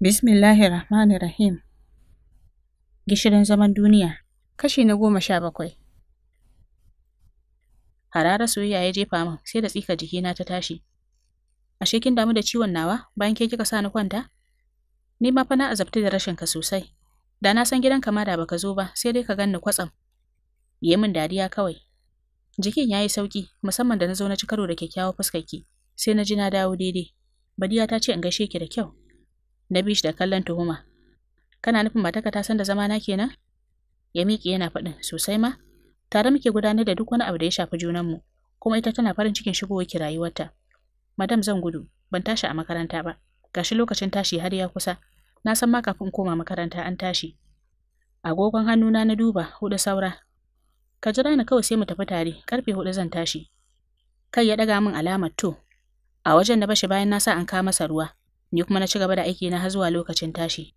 Bismillahir Rahmanir Rahim. Gishirin zaman duniya, kashi na goma sha bakwai. Harara soyayya ya jefa min sai da tsika jikina ta tashi. Ashe kin damu da ciwon nawa bayan ke kika sa ni kwanta? Ni ma fa na azabta da rashin ka sosai. Da na san gidanka ma da baka zo ba sai dai ka ganni kwatsam. Yi min dariya kawai. Jikin yayi sauki musamman da na zo na ci karo da kyakkyawar fuskarki sai na ji na dawo daidai. Badiya ta ce in gaishe ki da kyau. na bi shi da kallon tuhuma kana nufin matarka ta san da zama zamana kenan ya miƙe yana faɗin sosai ma tare muke gudanar da duk wani abu da ya shafi junanmu kuma ita tana farin cikin shigo ki rayuwarta madam zan gudu ban tashi a makaranta ba gashi lokacin tashi har ya kusa na san ma kafin koma makaranta an tashi agogon hannuna na duba huɗu saura ka jira ni kawai sai mu tafi tare karfe hudu zan tashi kai ya daga min alamar to a wajen na bashi bayan na sa an kama masa ruwa ni kuma na ci gaba da aiki na har zuwa lokacin tashi.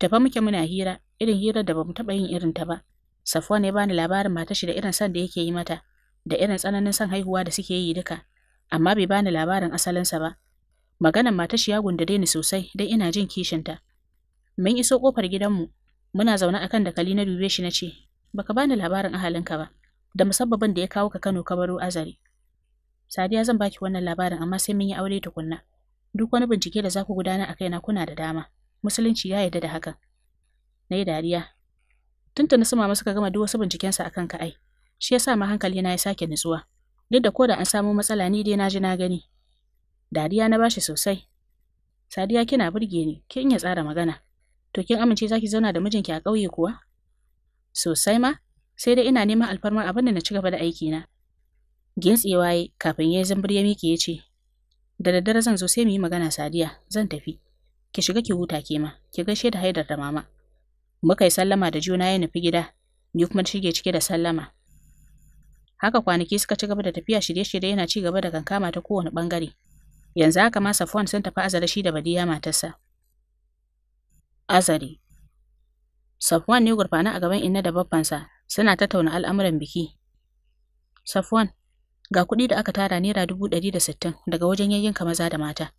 Tafa muke muna hira, irin hirar da bamu taɓa yin irin ta ba. Safuwa ya bani labarin matar shi da irin san da yake yi mata, da irin tsananin san haihuwa da suke yi duka, amma bai bani labarin asalinsa ba. maganan matar shi ya gundare ni sosai dan ina jin kishin ta. Mun iso kofar gidanmu, muna zaune akan dakali na dube shi na ce, baka bani labarin ahalinka ba, da musabbabin da ya kawo ka Kano ka baro Azare. Sadiya zan baki wannan labarin amma sai mun yi aure tukunna. Duk wani bincike da za ku gudanar a kaina kuna da dama. Musulunci ya yarda da hakan. Na yi dariya. tunta na mama suka gama duk wasu bincikensa a kanka ai. Shi ya sa ma hankali na ya sake nutsuwa. Duk da ko da an samu matsala ni dai na ji na gani. Dariya na bashi sosai. Sadiya kina burge ni, kin iya tsara magana. To kin amince zaki zauna da mijinki a ƙauye kuwa? Sosai ma, sai dai ina neman alfarma. abin da na ci gaba da aikina. gintsewa waye kafin ya yi zambar ya miƙe ya ce, Da daddare zan zo sai mu yi magana Sadiya, zan tafi. Ki shiga ki huta ke ma, ki gaishe da Haidar da mama. Muka yi sallama da juna ya nufi gida, ni kuma shige cike da sallama. Haka kwanaki suka ci gaba da tafiya shirye-shirye yana ci gaba da kankama ta kowane ɓangare. Yanzu haka ma Safwan sun tafi azara shi da Badiya matarsa. Azari Safwan ne gurfana a gaban Inna da babbansa suna tattauna al'amuran biki. Safwan, Ga kuɗi da aka tara naira dubu ɗari da sittin daga wajen yayyinka maza da mata.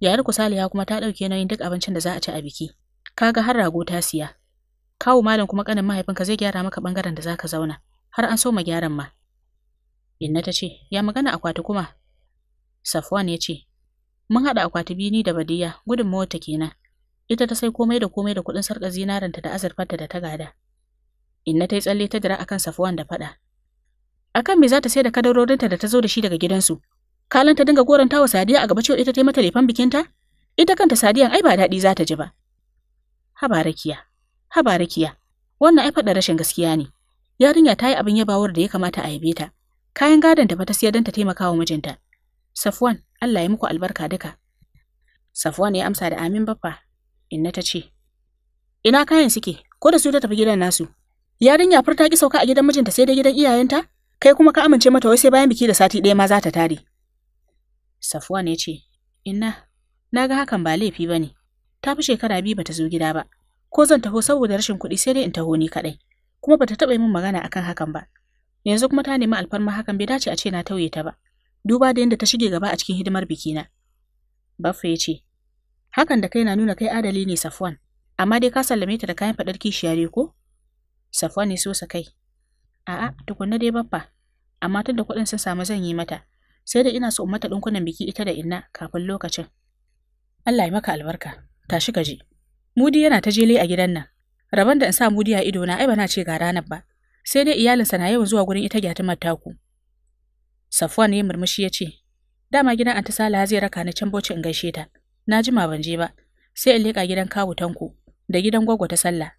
Yayar Saliya kuma ta ɗauke nauyin duk abincin da za a ci a biki. Ka ga har rago ta siya. Kawu malam kuma kanin mahaifinka zai gyara maka ɓangaren da za ka zauna. Har an so ma gyaran ma. Inna ta ce, ya magana akwati kuma? Safwan ya ce, mun haɗa akwati biyu ni da Badiya gudunmawar ta kenan. Ita ta sai komai da komai da kuɗin sarƙar zinaranta da azurfarta da ta gada. Inna ta yi tsalle ta jira akan Safwan da faɗa. akan me za ta sayar da kadarorinta da ta zo da shi daga gidansu kalanta dinga goranta wa sadiya a gaba cewa ita ta mata lefan bikinta ita kanta sadiyan ai ba daɗi za ta ji ba habarakiya habarakiya wannan ai faɗa rashin gaskiya ne yarinya ta yi abin yabawar da ya kamata a yabe ta kayan gadon da ba ta siya don ta taimaka wa mijinta safwan allah ya muku albarka duka safwan ya amsa da amin baffa inna ta ce ina kayan suke ko da su ta tafi gidan nasu yarinya furta ki sauka a gidan mijinta sai da gidan iyayenta kai kuma ka amince mata wai sai bayan biki da sati ɗaya ma za ta tare. Safuwa ya ce, Inna, na ga hakan ba laifi ba ne, ta fi shekara biyu bata zo gida ba, ko zan taho saboda rashin kuɗi sai dai in taho ni kaɗai, kuma bata taɓa yi min magana akan hakan ba. Yanzu kuma ta nemi alfarma hakan bai dace a ce na tauye ta ba, duba da yadda ta shige gaba a cikin hidimar biki na Baffa ya ce, Hakan da kai na nuna kai adali ne Safuwan. amma dai ka sallame ta da kayan faɗar kishiyare ko? Safuwan ya so sa kai, A'a, tukunna dai baffa. Amma tunda kuɗin sun samu zan yi mata. Sai da ina so in mata ɗinkunan biki ita da inna kafin lokacin. Allah ya maka albarka. Tashi ka je. Mudi yana ta jele a gidan nan. Rabon da in sa Mudi a ido na ai na ce ga ranar ba. Sai dai iyalinsa na yawan zuwa gurin ita gyatumar taku. Safwan ya murmushi ya ce, Dama gidan Anta Sala zai raka ni can bocin in gaishe ta. Na jima ban je ba. Sai in leka gidan kawu tanku da gidan gwaggo ta sallah.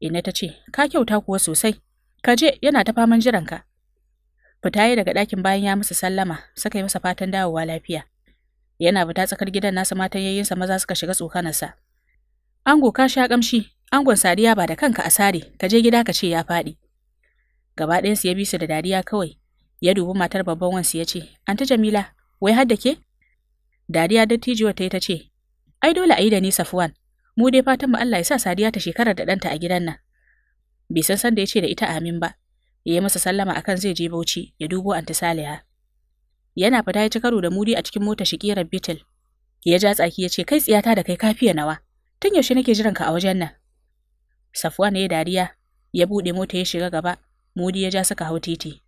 Inna ta ce, Ka kyauta kuwa sosai. Ka je yana ta faman jiranka. Fita yi daga ɗakin bayan ya musu sallama, suka yi masa fatan dawowa lafiya. Yana fita tsakar gidan nasa matan yayyinsa maza suka shiga tsokanarsa. Ango ka sha kamshi, angon sadiya ba da kanka a sare, ka je gida ka ce ya faɗi. Gaba ɗayansu ya bi su da dariya kawai, ya dubi matar babban wansu ya ce, Anta Jamila, wai har da ke? Dariya dattijuwar ta yi ta ce, Ai dole a yi da ni Safwan, mu dai fatan mu Allah ya sa Sadiya ta shekarar da ɗanta a gidan nan. bai san sanda ya ce da ita amin ba ya yi masa sallama akan zai je Bauchi ya dubo anti Saliha yana fita ya ci karo da mudi a cikin motar shikirar Beetle ya ja tsaki ya ce kai tsiyata da kai kafiya nawa tun yaushe nake jiran ka a wajen nan ne ya dariya ya bude mota ya shiga gaba mudi ya ja suka hau titi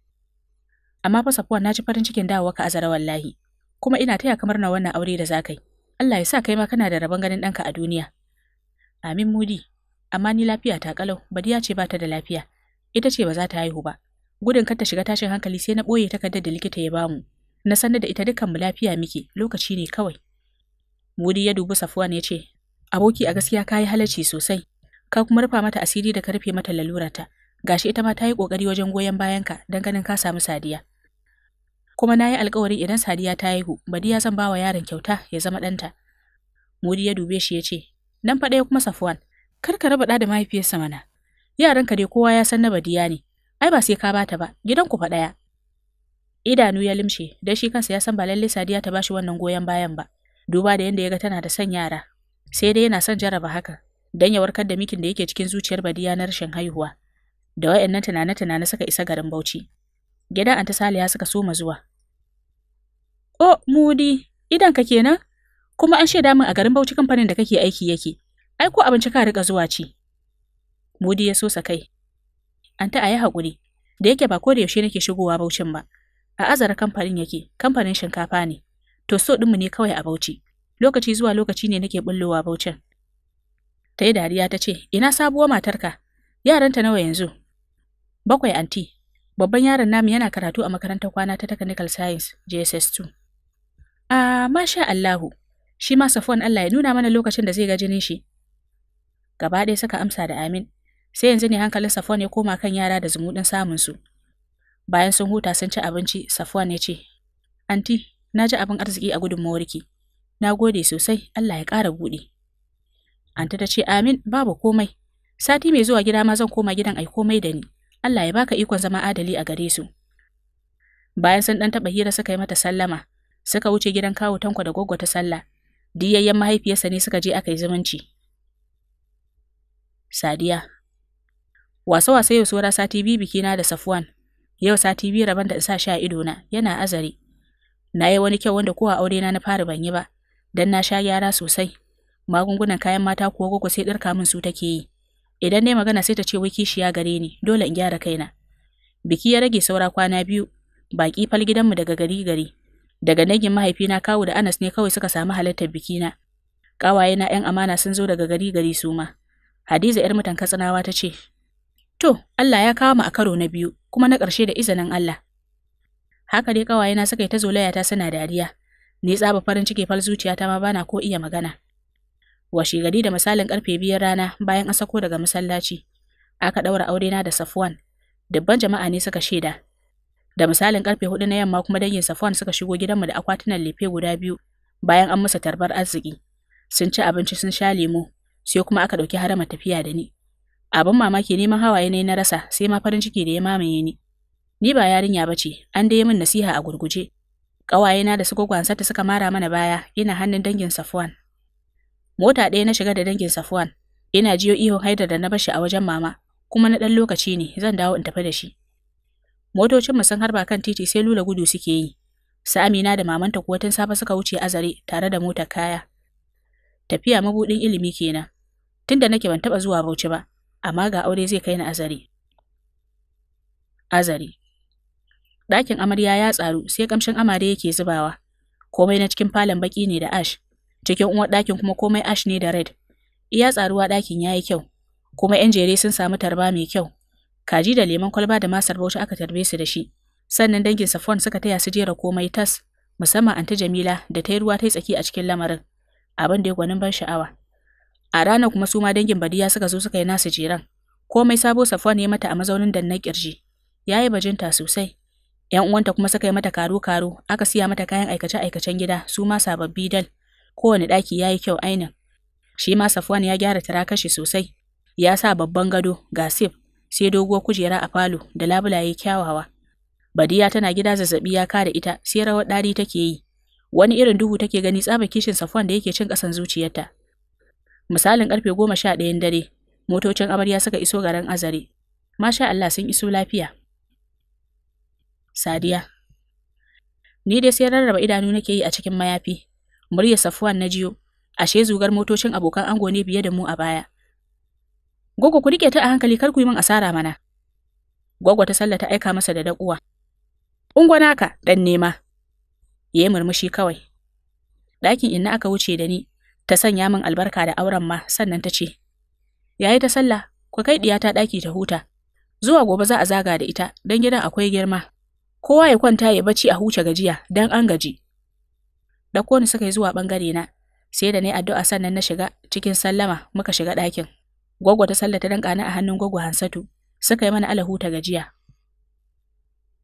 amma fa Safwan na ji farin cikin dawowa ka azara wallahi kuma ina taya kamar na wannan aure da zakai Allah ya sa kai ma kana da rabon ganin ɗanka a duniya Amin Mudi, amma ni lafiya ta kalau badiya ce bata da lafiya ita ce ba za ta haihu ba gudun kar ta shiga tashin hankali sai na ɓoye takardar da likita ya bamu na sanar da ita dukkan mu lafiya muke lokaci ne kawai wuri ya dubi safuwa ya ce, Aboki a gaskiya ka yi halarci sosai, ka kuma rufa mata asiri da ka rufe mata lalurarta, gashi ita ma ta yi ƙoƙari wajen goyon ka dan ganin ka samu sadiya. Kuma na yi alkawarin idan sadiya ta haihu, badiya zan ba wa yaron kyauta ya zama ɗanta. Mudi ya dube shi ya ce, Nan fa kuma Safwan, kar ka raba da mahaifiyarsa mana yaranka dai kowa ya san na badiya ne ai ba sai ka bata ba gidan ku fa daya idanu ya limshe dan shi kansa ya san ba lalle sadiya ta bashi wannan goyon bayan ba duba da yanda ya ga tana da son yara sai dai yana son jaraba haka dan ya warkar da mikin da yake cikin zuciyar badiya na rashin haihuwa da wayannan tunane tunane suka isa garin Bauchi gidan anta Saliya suka soma zuwa oh mudi idan ka kenan kuma an shaida min a garin Bauchi kamfanin da kake aiki yake Ai ko abinci ka riƙa zuwa ci. Mudi ya sosa kai. Anta a yi haƙuri, da yake ba ko da yaushe nake shigowa Baucin ba. A azara kamfanin yake, kamfanin shinkafa ne. To so ɗinmu ne kawai a Bauchi. Lokaci zuwa lokaci ne nake bullowa Baucin. Ta yi dariya ta ce, Ina sabuwar matarka, yaranta nawa yanzu? Bakwai anti, babban yaron namu yana karatu a makarantar kwana ta Technical Science JSS2. A ah, masha Allahu, shi ma Safwan Allah ya nuna mana lokacin da zai ga jinin shi. Gaba ɗaya suka amsa da amin. Sai yanzu ne hankalin Safwan ya koma kan yara da zumuɗin su. Bayan sun huta sun ci abinci, Safwan ya ce, Anti, na ji abin arziki a gudun mawarki Na gode sosai, Allah ya ƙara buɗe. Anti ta ce, Amin, babu komai. Sati mai zuwa gida ma zan koma gidan ai komai da ni. Allah ya baka ikon zama adali a gare su. Bayan sun ɗan taɓa hira suka yi mata sallama, suka wuce gidan kawo tanko da gwaggwata sallah. Diyayyen mahaifiyarsa ne suka je aka yi zumunci. Sadiya. Wasa-wasa yau saura sati biyu biki na da Safwan. Yau sati biyu rabon da sa sha ido na yana azare. Na yi wani kyau wanda ko a aure na na fara ban yi ba, dan na sha gyara sosai. Magungunan kayan mata kuwa gogo sai ɗarka min su take yi. Idan dai magana sai ta ce wai kishiya gare ni, dole in gyara kaina. Biki ya rage saura kwana biyu, baki fal gidanmu daga gari gari. Daga nagin mahaifina kawu da Anas ne kawai suka samu halartar bikina. Ƙawayena na 'yan amana sun zo daga gari gari su ma. Hadiza 'yar mutan Katsinawa ta ce, To, Allah ya kawo mu a karo na biyu, kuma na ƙarshe da izinin Allah. Haka dai ƙawayena suka yi ta zolaya ta suna dariya, ni tsaba farin ciki fal zuciya ma bana ko iya magana. Washe gari da misalin ƙarfe biyar rana bayan an sako daga masallaci, aka ɗaura aure na da Safwan, dubban jama'a ne suka shaida. Da misalin ƙarfe hudu na yamma kuma dangin Safwan suka shigo gidanmu da akwatunan lefe guda biyu bayan an musu tarbar arziki. Sun ci abinci sun sha lemo, sai kuma aka ɗauki harama tafiya da ni. Abin mamaki neman hawaye ne na rasa sai ma farin ciki da ya mamaye ni. Ni ba yarinya ba ce, an dai min nasiha a gurguje. Ƙawayena da su gwansa ta suka mara mana baya ina hannun dangin Safwan. Mota ɗaya na shiga da dangin Safwan, ina jiyo ihon haidar da na bashi a wajen mama, kuma na ɗan lokaci ne zan dawo in tafi da shi. motocin mu sun harba kan titi sai lula gudu suke yi. samina da mamanta kuwa tun safe suka wuce azare tare da motar kaya. Tafiya mabudin ilimi kenan. tunda nake ban taɓa zuwa Bauchi ba, amma ga aure zai kai ni azari. Azari. dakin amarya ya tsaru sai kamshin amare yake zubawa, komai na cikin falon baki ne da ash, cikin uwar ɗakin kuma komai ash ne da red. Iya tsaruwa ɗakin yayi kyau, kuma 'yan jere sun samu tarba mai kyau. Kaji da lemon kwalba da masar Bauchi aka tarbe su da shi, sannan dangin Safwan suka taya su jera komai tas, musamman Anta Jamila da ta yi ruwa ta yi tsaki a cikin lamarin. Abin da ya gwanin ban sha'awa. A ranar kuma su ma dangin Badiya suka zo suka yi nasu jiran. Komai sabo Safwan ya mata a mazaunin na kirji. Ya yi bajinta sosai. ‘Yan uwanta kuma suka yi mata karo-karo, aka siya mata kayan aikace-aikacen gida, su ma sababbi dal. Kowane ɗaki ya yi kyau ainin. Shi ma Safwan ya gyara tarakashi sosai. Ya sa babban gado, ga sif, sai doguwar kujera a falo da labulaye kyawawa. Badiya tana gida zazzabi ya kare ita, sai rawar ɗari take yi. Wani irin duhu take gani tsaba kishin Safwan da yake cin kasan zuciyarta. Misalin karfe goma sha ɗayan dare, motocin amarya suka iso garin Azare. Masha Allah sun iso lafiya. Sadiya. Ni dai sai rarraba idanu nake yi a cikin mayafi. Murya safuwan na jiyo, ashe zugar motocin abokan ango ne biye da mu a baya. Gogo ku rike ta a hankali kar ku yi min asara mana. Gogo ta sallata aika masa da dakuwa. Ungwana ka dan nema. Yayi murmushi kawai. Ɗakin inna aka wuce da ni, ta sanya min albarka da auren ma sannan ta ce, Yayi ta sallah, ku kai ta ɗaki ta huta, zuwa gobe za a zaga da ita don gidan akwai girma, kowa ya kwanta ya bacci a huce gajiya dan an gaji. Da ni suka yi zuwa bangare na, sai da ni addu'a sannan na shiga cikin sallama muka shiga ɗakin. gogo ta sallata dan ƙana a hannun gogo Hansatu, suka yi mana ala huta gajiya.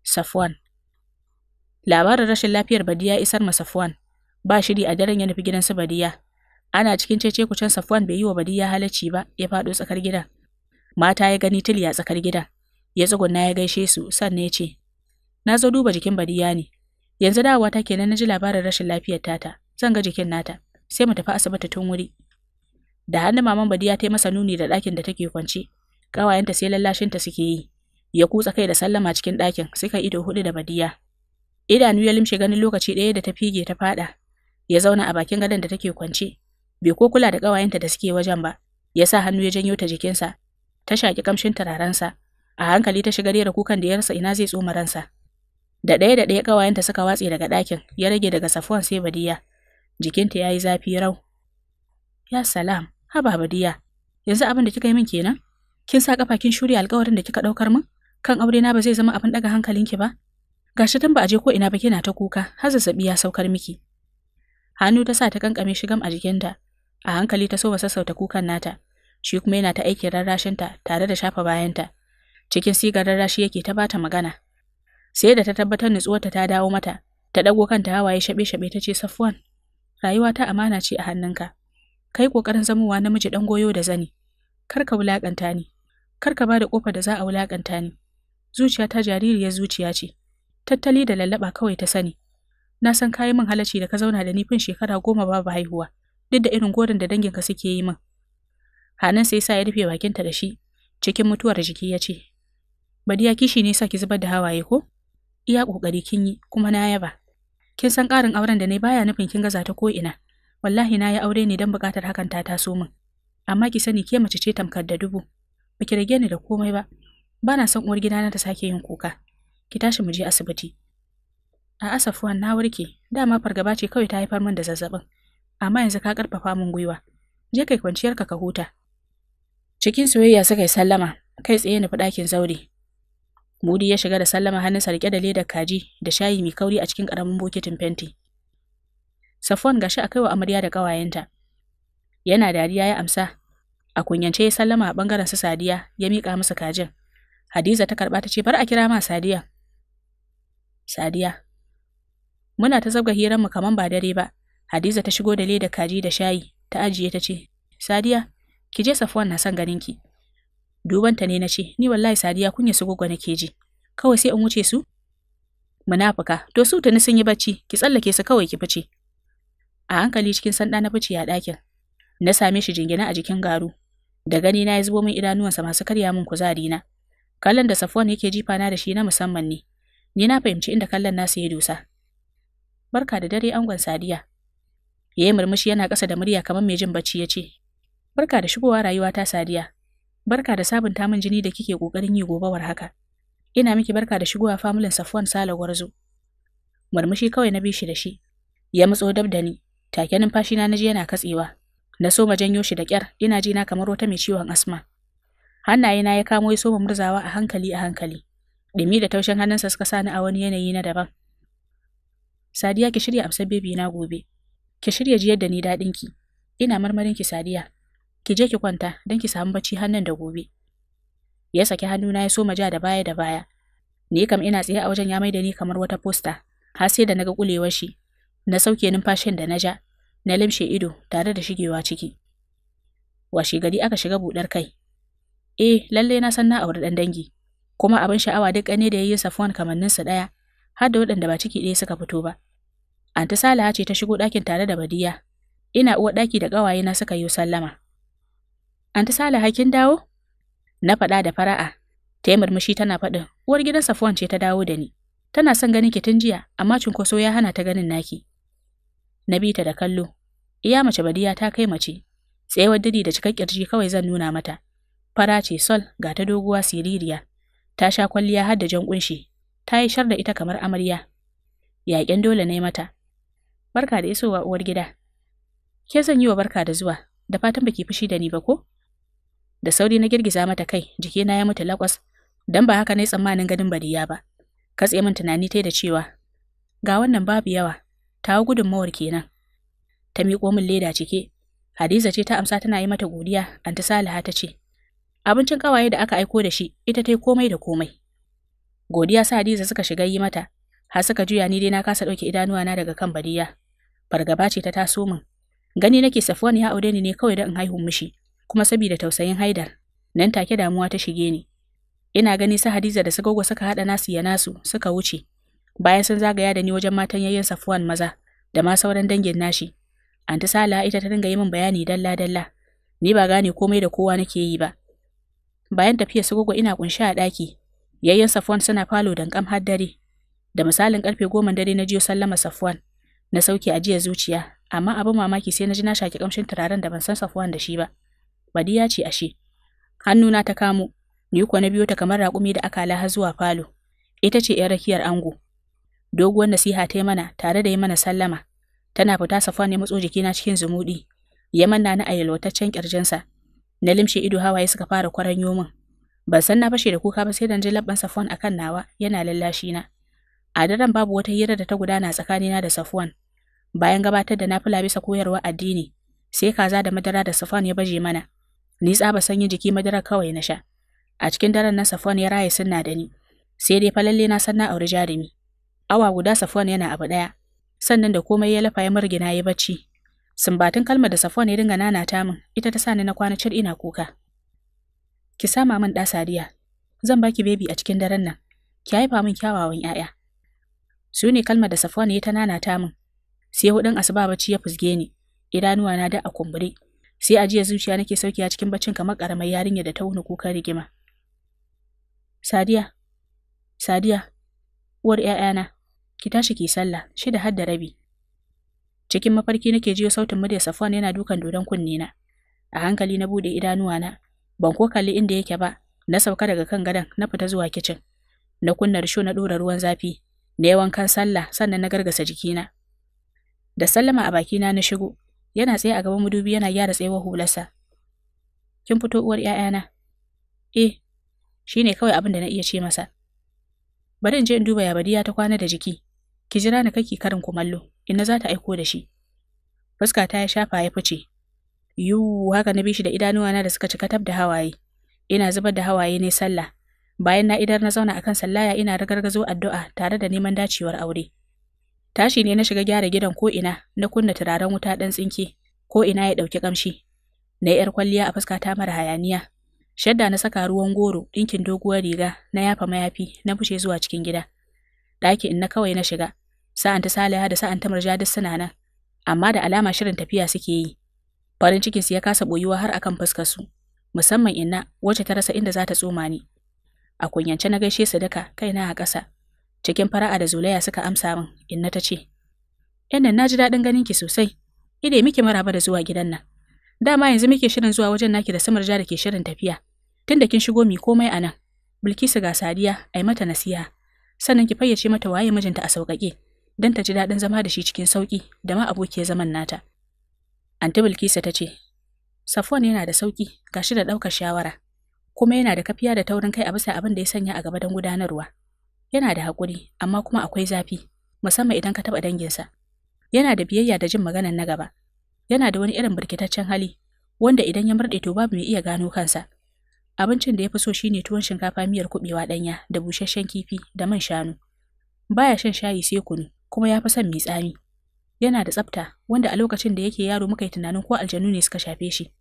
Safwan Labarin rashin lafiyar Badiya isar ma Safwan, ba shiri a daren ya nufi gidan su Badiya, Ana cikin cece-kucen Safwan bai yi wa Badiya halacci ba, ya faɗo tsakar gidan. Mata ya gani tili a tsakar gidan. Ya tsugunna ya gaishe su, sannan ya ce, Na zo duba jikin Badiya ne. Yanzu dawowa ta nan na ji labarin rashin lafiyar tata. Zan ga jikin nata. Sai mu tafi asibiti tun wuri. Da hannun maman Badiya ta yi masa nuni da ɗakin da take kwance. Ƙawayenta sai lallashinta suke yi. Ya kutsa kai da sallama cikin ɗakin, suka ido hudu da Badiya. Idanu ya limshe ganin lokaci ɗaya da ta fige ta faɗa. Ya zauna a bakin gadon da take kwance. bai ko kula da kawayenta da suke wajen ba, ya sa hannu ya janyo ta jikinsa, ta shaƙi ƙamshin turarensa, a hankali ta shiga rera kukan da ya rasa ina zai tsoma ransa. Da ɗaya da ɗaya ƙawayenta suka watse daga ɗakin, ya rage daga safuwan sai Badiya. Jikinta ya yi zafi rau. Ya salam, haba Badiya, yanzu abin da kika yi min kenan? Kin sa ƙafa kin shirya alƙawarin da kika ɗaukar min? Kan aure na ba zai zama abin ɗaga hankalinki ba? Gashi tun ba a je ko ina ba kina ta kuka, har zazzaɓi ya saukar miki. Hannu ta sa ta kankame shigam a jikinta, A hankali ta soba sassauta kukan nata, shi kuma yana ta aikin rarrashinta tare da shafa bayanta. Cikin sigar rarrashi yake ta bata magana. Sai da ta tabbatar nutsuwarta ta dawo mata, ta ɗago kanta hawaye shaɓe-shaɓe ta ce Safwan, rayuwa ta amana ce a hannunka. Kai ƙoƙarin zamowa namiji dan goyo da zani. Kar ka wulaƙanta ni. Kar ka ba da da za a wulaƙanta ni. Zuciya ta jaririyar zuciya ce. Tattali da lallaɓa kawai ta sani. Na san kayi min halacci da ka zauna da ni fin shekara goma babu haihuwa. duk da irin gorin da danginka suke yi min. Hanan sai sa ya rufe bakinta da shi, cikin mutuwar jiki ya ce, Badiya kishi ne sa ki zubar da hawaye ko? Iya ƙoƙari kin yi, kuma na yaba. Kin san ƙarin auren da ne baya nufin kin gaza ta ko ina. Wallahi na yi aure ne don buƙatar hakan ta taso min. Amma ki sani ke mace ce tamkar da dubu. Baki rage ni da komai ba. Ba na son uwar gidana ta sake yin kuka. Ki tashi mu je asibiti. A asafuwan na warke, dama fargaba ce kawai ta haifar min da zazzabin. amma yanzu ka karfafa min gwiwa. Je kai kwanciyarka ka ka huta. Cikin soyayya suka yi sallama, kai tsaye nufi ɗakin zaure. budi ya shiga da sallama hannunsa riƙe da ledar kaji da shayi mai kauri a cikin karamin bokitin fenti. Safon gashi a wa amarya da kawayenta. Yana dariya ya amsa, a kunyance ya sallama a bangaren su Sadiya ya miƙa musu kajin. Hadiza ta karba ta ce bar a kira ma Sadiya. Sadiya, muna ta zabga mu kaman ba dare ba, Hadiza ta shigo da leda kaji da shayi ta ajiye ta ce, Sadiya, ki je Safwan na son ganin ki. Dubanta ne na ce, ni wallahi Sadiya kunya su gwagwa nake ji. Kawai sai in wuce su? Munafuka, to su tuni sun yi bacci, ki tsallake su kawai ki fice. A hankali cikin sanda na fice a ɗakin. Na same shi jingina a jikin garu. Da gani na ya zubo min idanuwansa masu karya min kuzari na. Kallon da Safwan yake jifa na da shi na musamman ne. Ni na fahimci inda kallon nasu ya dusa. Barka da dare angon Sadiya. Ya yi murmushi yana ƙasa da murya kamar mai jin bacci ya ce, Barka da shigowa rayuwa ta sadiya. Barka da sabunta min jini da kike ƙoƙarin yi gobawar haka. Ina miki barka da shigowa famulin safuwan Sale Gwarzo. Murmushi kawai na bi shi da shi. Ya matso dab da ni, take numfashi na naji yana katsewa. Na soma janyo shi da kyar. ina ji na kamar wata mai ciwon asma. Hannaye na ya kamo ya soma murzawa a hankali a hankali. Dimi da taushen hannunsa suka sani a wani yanayi na daban. Sadiya ki shirya amsar bebi na gobe. Ki shirya jiyar da ni daɗin ki. Ina marmarin ki Sadiya. Ki je ki kwanta don ki samu bacci hannun da gobe. Ya saki na ya soma ja da baya da baya. Ni kam ina tsaye a wajen ya mai da ni kamar wata posta, har sai da naga kulewar shi. Na sauke numfashin da na ja, na limshe ido tare da shigewa ciki. Washe gari aka shiga buɗar kai. Eh, lalle na san na auri ɗan dangi. Kuma abin sha'awa duk kane da yayi Safwan kamanninsa ɗaya, har da waɗanda ba ciki ɗaya suka fito ba. Anta Salaha ce ta shigo ɗakin tare da Badiya. Ina uwa ɗaki da na suka yi sallama. Anta Salaha kin dawo? Na faɗa da fara'a. Ta murmushi tana faɗin, uwar gidan Safuwan ce ta dawo da ni. Tana son ganin ki tun jiya, amma cunkoso ya hana ta ganin naki. Na bi ta da kallo. Iya mace Badiya ta kai mace. Tsayawar dadi da cikakken kirji kawai zan nuna mata. Fara ce sol ga ta doguwa siririya. Ta sha kwalliya har da jan kunshi. Ta yi sharda ita kamar amarya. yaƙin dole ne mata. Barka da isowa uwar gida. Ke zan yi wa barka da zuwa, da fatan baki fushi da ni ba ko? Da sauri na girgiza mata kai, na ya mutu lakwas, dan ba haka na yi tsammanin ganin bariya ba. Ka Katse min tunani tai da cewa, ga wannan babu yawa, ta gudun gudunmawar kenan. Ta miƙo min leda cike, Hadiza ce ta amsa tana yi mata godiya, anti Saliha ta ce, Abincin ƙawaye da aka aiko da shi, ita ta komai da komai. Godiya sa Hadiza suka shiga yi mata, har suka juya ni dai na kasa ɗauke na daga kan bariya. fargaba ce ta taso min gani nake safwan ya aure ni ne kawai da in haihu mishi kuma saboda tausayin haidar nan take damuwa ta shige ni ina gani su hadiza da su suka haɗa nasu ya nasu suka wuce bayan sun zagaya da ni wajen matan yayyen safwan maza da ma sauran dangin nashi anti sala ita ta dinga yi min bayani dalla dalla ni ba gane komai da kowa nake yi ba bayan tafiya su ina kunshi a ɗaki yayyen safwan suna falo kam har dare Da misalin karfe goma dare na jiyo sallama Safwan, na sauke a jiya zuciya, amma abin mamaki sai na ji na shaki kamshin turaren da ban san Safwan da shi ba. Badiya ce ashe. Hannuna ta kamo, ni kuwa na biyo ta kamar raƙumi da aka har zuwa falo. Ita ce 'yan rakiyar ango. Doguwar nasiha ta yi mana tare da yi mana sallama. Tana fita Safwan ya matso jikina cikin zumuɗi. Ya manna na a yalwataccen ƙirjinsa. Na limshe ido hawaye suka fara kwaranyo min. Ban san na fashe da kuka ba sai dan ji labban Safwan akan nawa yana lallashi na. A daren babu wata hira da ta gudana tsakanina da Safwan. Bayan gabatar da nafila bisa koyarwa addini, sai kaza da madara da Safwan ya baje mana. Ni tsaba sanyi jiki madara kawai na sha. A cikin daren na Safwan ya raye sunna da ni. Sai dai falalle na san na auri jarumi. Awa guda Safwan yana abu daya. Sannan da komai ya lafa ya murgina ya bacci. Sumbatin kalma da Safwan ya dinga nanata min, ita ta sani na kwana cir ina kuka. Ki sama min ɗa Sadiya. Zan baki bebi a cikin daren nan. Ki haifa min kyawawan 'ya'ya. Su ne kalmar da Safwan ya ta min. Sai hudun asuba bacci ya fusge ni, idanuwa na da a kumbure. Sai jiya zuciya nake sauki a cikin baccin kamar karamar yarinya da ta wuni kuka rigima. Sadiya, Sadiya, uwar ‘ya'yana, ki tashi ki sallah, shida har da rabi. Cikin mafarki nake jiyo sautin murya Safwan yana dukan dodon kunne na. A hankali na bude idanuwa na, ban ko kalli inda yake ba, na sauka daga kan gadon na fita zuwa kicin. Na kunna risho na ɗora ruwan zafi, na yi wankan sallah sannan na gargasa jikina. Da sallama a bakina na shigo, yana tsaye a gaban madubi yana gyara tsayuwar hularsa. Kin fito uwar ‘ya'yana? Eh, shi ne kawai abin da na iya ce masa. Bari in je in duba yabadiya ta kwana da jiki, ki jira ni kaki karin kumallo, ina za ta aiko da shi. Fuska ta ya shafa ya fice. Yuu, haka na bi shi da idanuwana da suka cika tab da hawaye. Ina zubar da hawaye ne sallah, Bayan na idar na zauna akan sallaya ina ragargazo addu'a tare da neman dacewar aure. Tashi ne na shiga gyara gidan ko ina na kunna turaren wuta dan tsinke ko ina ya ɗauki kamshi. Na ‘yar kwalliya a fuska ta mara hayaniya. Shadda na saka ruwan goro, ɗinkin doguwar riga, na yafa mayafi, na bushe zuwa cikin gida. Ɗaki in na kawai na shiga, sa'an ta salaya da sa'an ta Murja duk suna nan, amma da alama shirin tafiya suke yi. Farin cikin su ya kasa boyuwa har akan fuskar su, musamman inna wacce ta rasa inda za ta tsoma ni. A kunyance na gaishe sadaka kaina a ƙasa. Cikin fara'a da zulaya suka amsa min, inna ta ce, ‘Yan nan na ji daɗin ganin ki sosai, ide miki maraba da zuwa gidan nan. Dama yanzu muke shirin zuwa wajen naki da samarja da ke shirin tafiya, tunda kin shigo mi komai a nan. Bilkisu ga Sadiya, ai mata nasiha, sannan ki fayyace mata waye mijinta a sauƙaƙe, don ta ji daɗin zama da shi cikin sauƙi da ma abokiyar zaman nata. Anti Bilkisu ta ce, Safwan yana da sauƙi, gashi da ɗaukar shawara. kuma yana da kafiya da taurin kai a bisa abin da ya sanya a gaba don gudanarwa. Yana da haƙuri, amma kuma akwai zafi, musamman idan ka taɓa danginsa. Yana da biyayya da jin maganan na gaba. Yana da wani irin birkitaccen hali, wanda idan ya murɗe to babu mai iya gano kansa. Abincin da ya fi so shine tuwon shinkafa miyar kuɓewa ɗanya da busasshen kifi da man shanu. Baya shan shayi sai kunu, kuma ya fi son mai tsami. Yana da tsafta, wanda a lokacin da yake yaro muka yi tunanin ko aljanu ne suka shafe shi.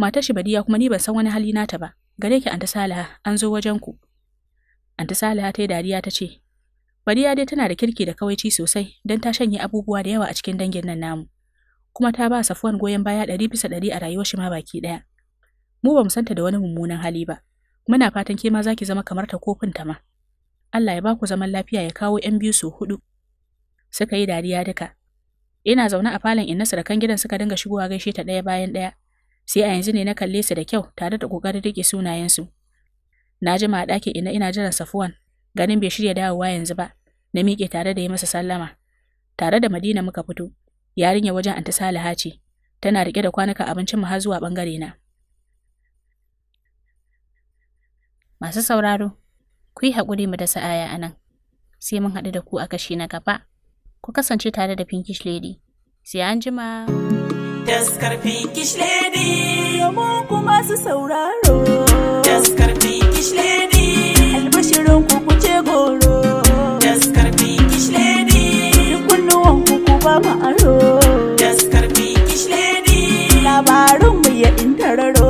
Matar shi Badiya kuma ni ban san wani hali nata ba, Gare ki Anta Salaha, an zo wajen ku. Anta Salaha ta yi dariya ta ce, Bariya dai tana da kirki da kawaici sosai don ta shanye abubuwa da yawa a cikin dangin nan namu. Kuma ta ba Safuwan goyon baya ɗari bisa ɗari a rayuwar shi ma baki ɗaya. Mu ba mu santa da wani mummunan hali ba. Muna fatan ke ma za ki zama kamar ta kofin ta ma. Allah ya ba ku zaman lafiya ya kawo 'yan biyu su hudu. Suka yi dariya duka. Ina zaune a falon inna sarakan gidan suka dinga shigowa gaishe ta ɗaya bayan ɗaya. sai a yanzu ne na kalle su da kyau tare da ƙoƙarin riƙe sunayensu. Na jima a ɗakin ina ina jiran Safuwan, ganin bai shirya dawowa yanzu ba, na miƙe tare da yi masa sallama. Tare da Madina muka fito, yarinya wajen Anta Salaha ce, tana riƙe da kwanuka abincin mu har zuwa ɓangare na. Masu sauraro, ku yi haƙuri mu da sa'aya a nan, sai mun haɗu da ku a kashi na gaba. Ku kasance tare da Pinkish Lady. Sai an jima. Taskar Pinkish Lady. Domin ku masu sauraro. Taskar Pinkish Albashirin ku kuce goro. Taskar Pinkish Lady. Kunnuwan ku ku ba mu aro. Labarin mu ya intararo.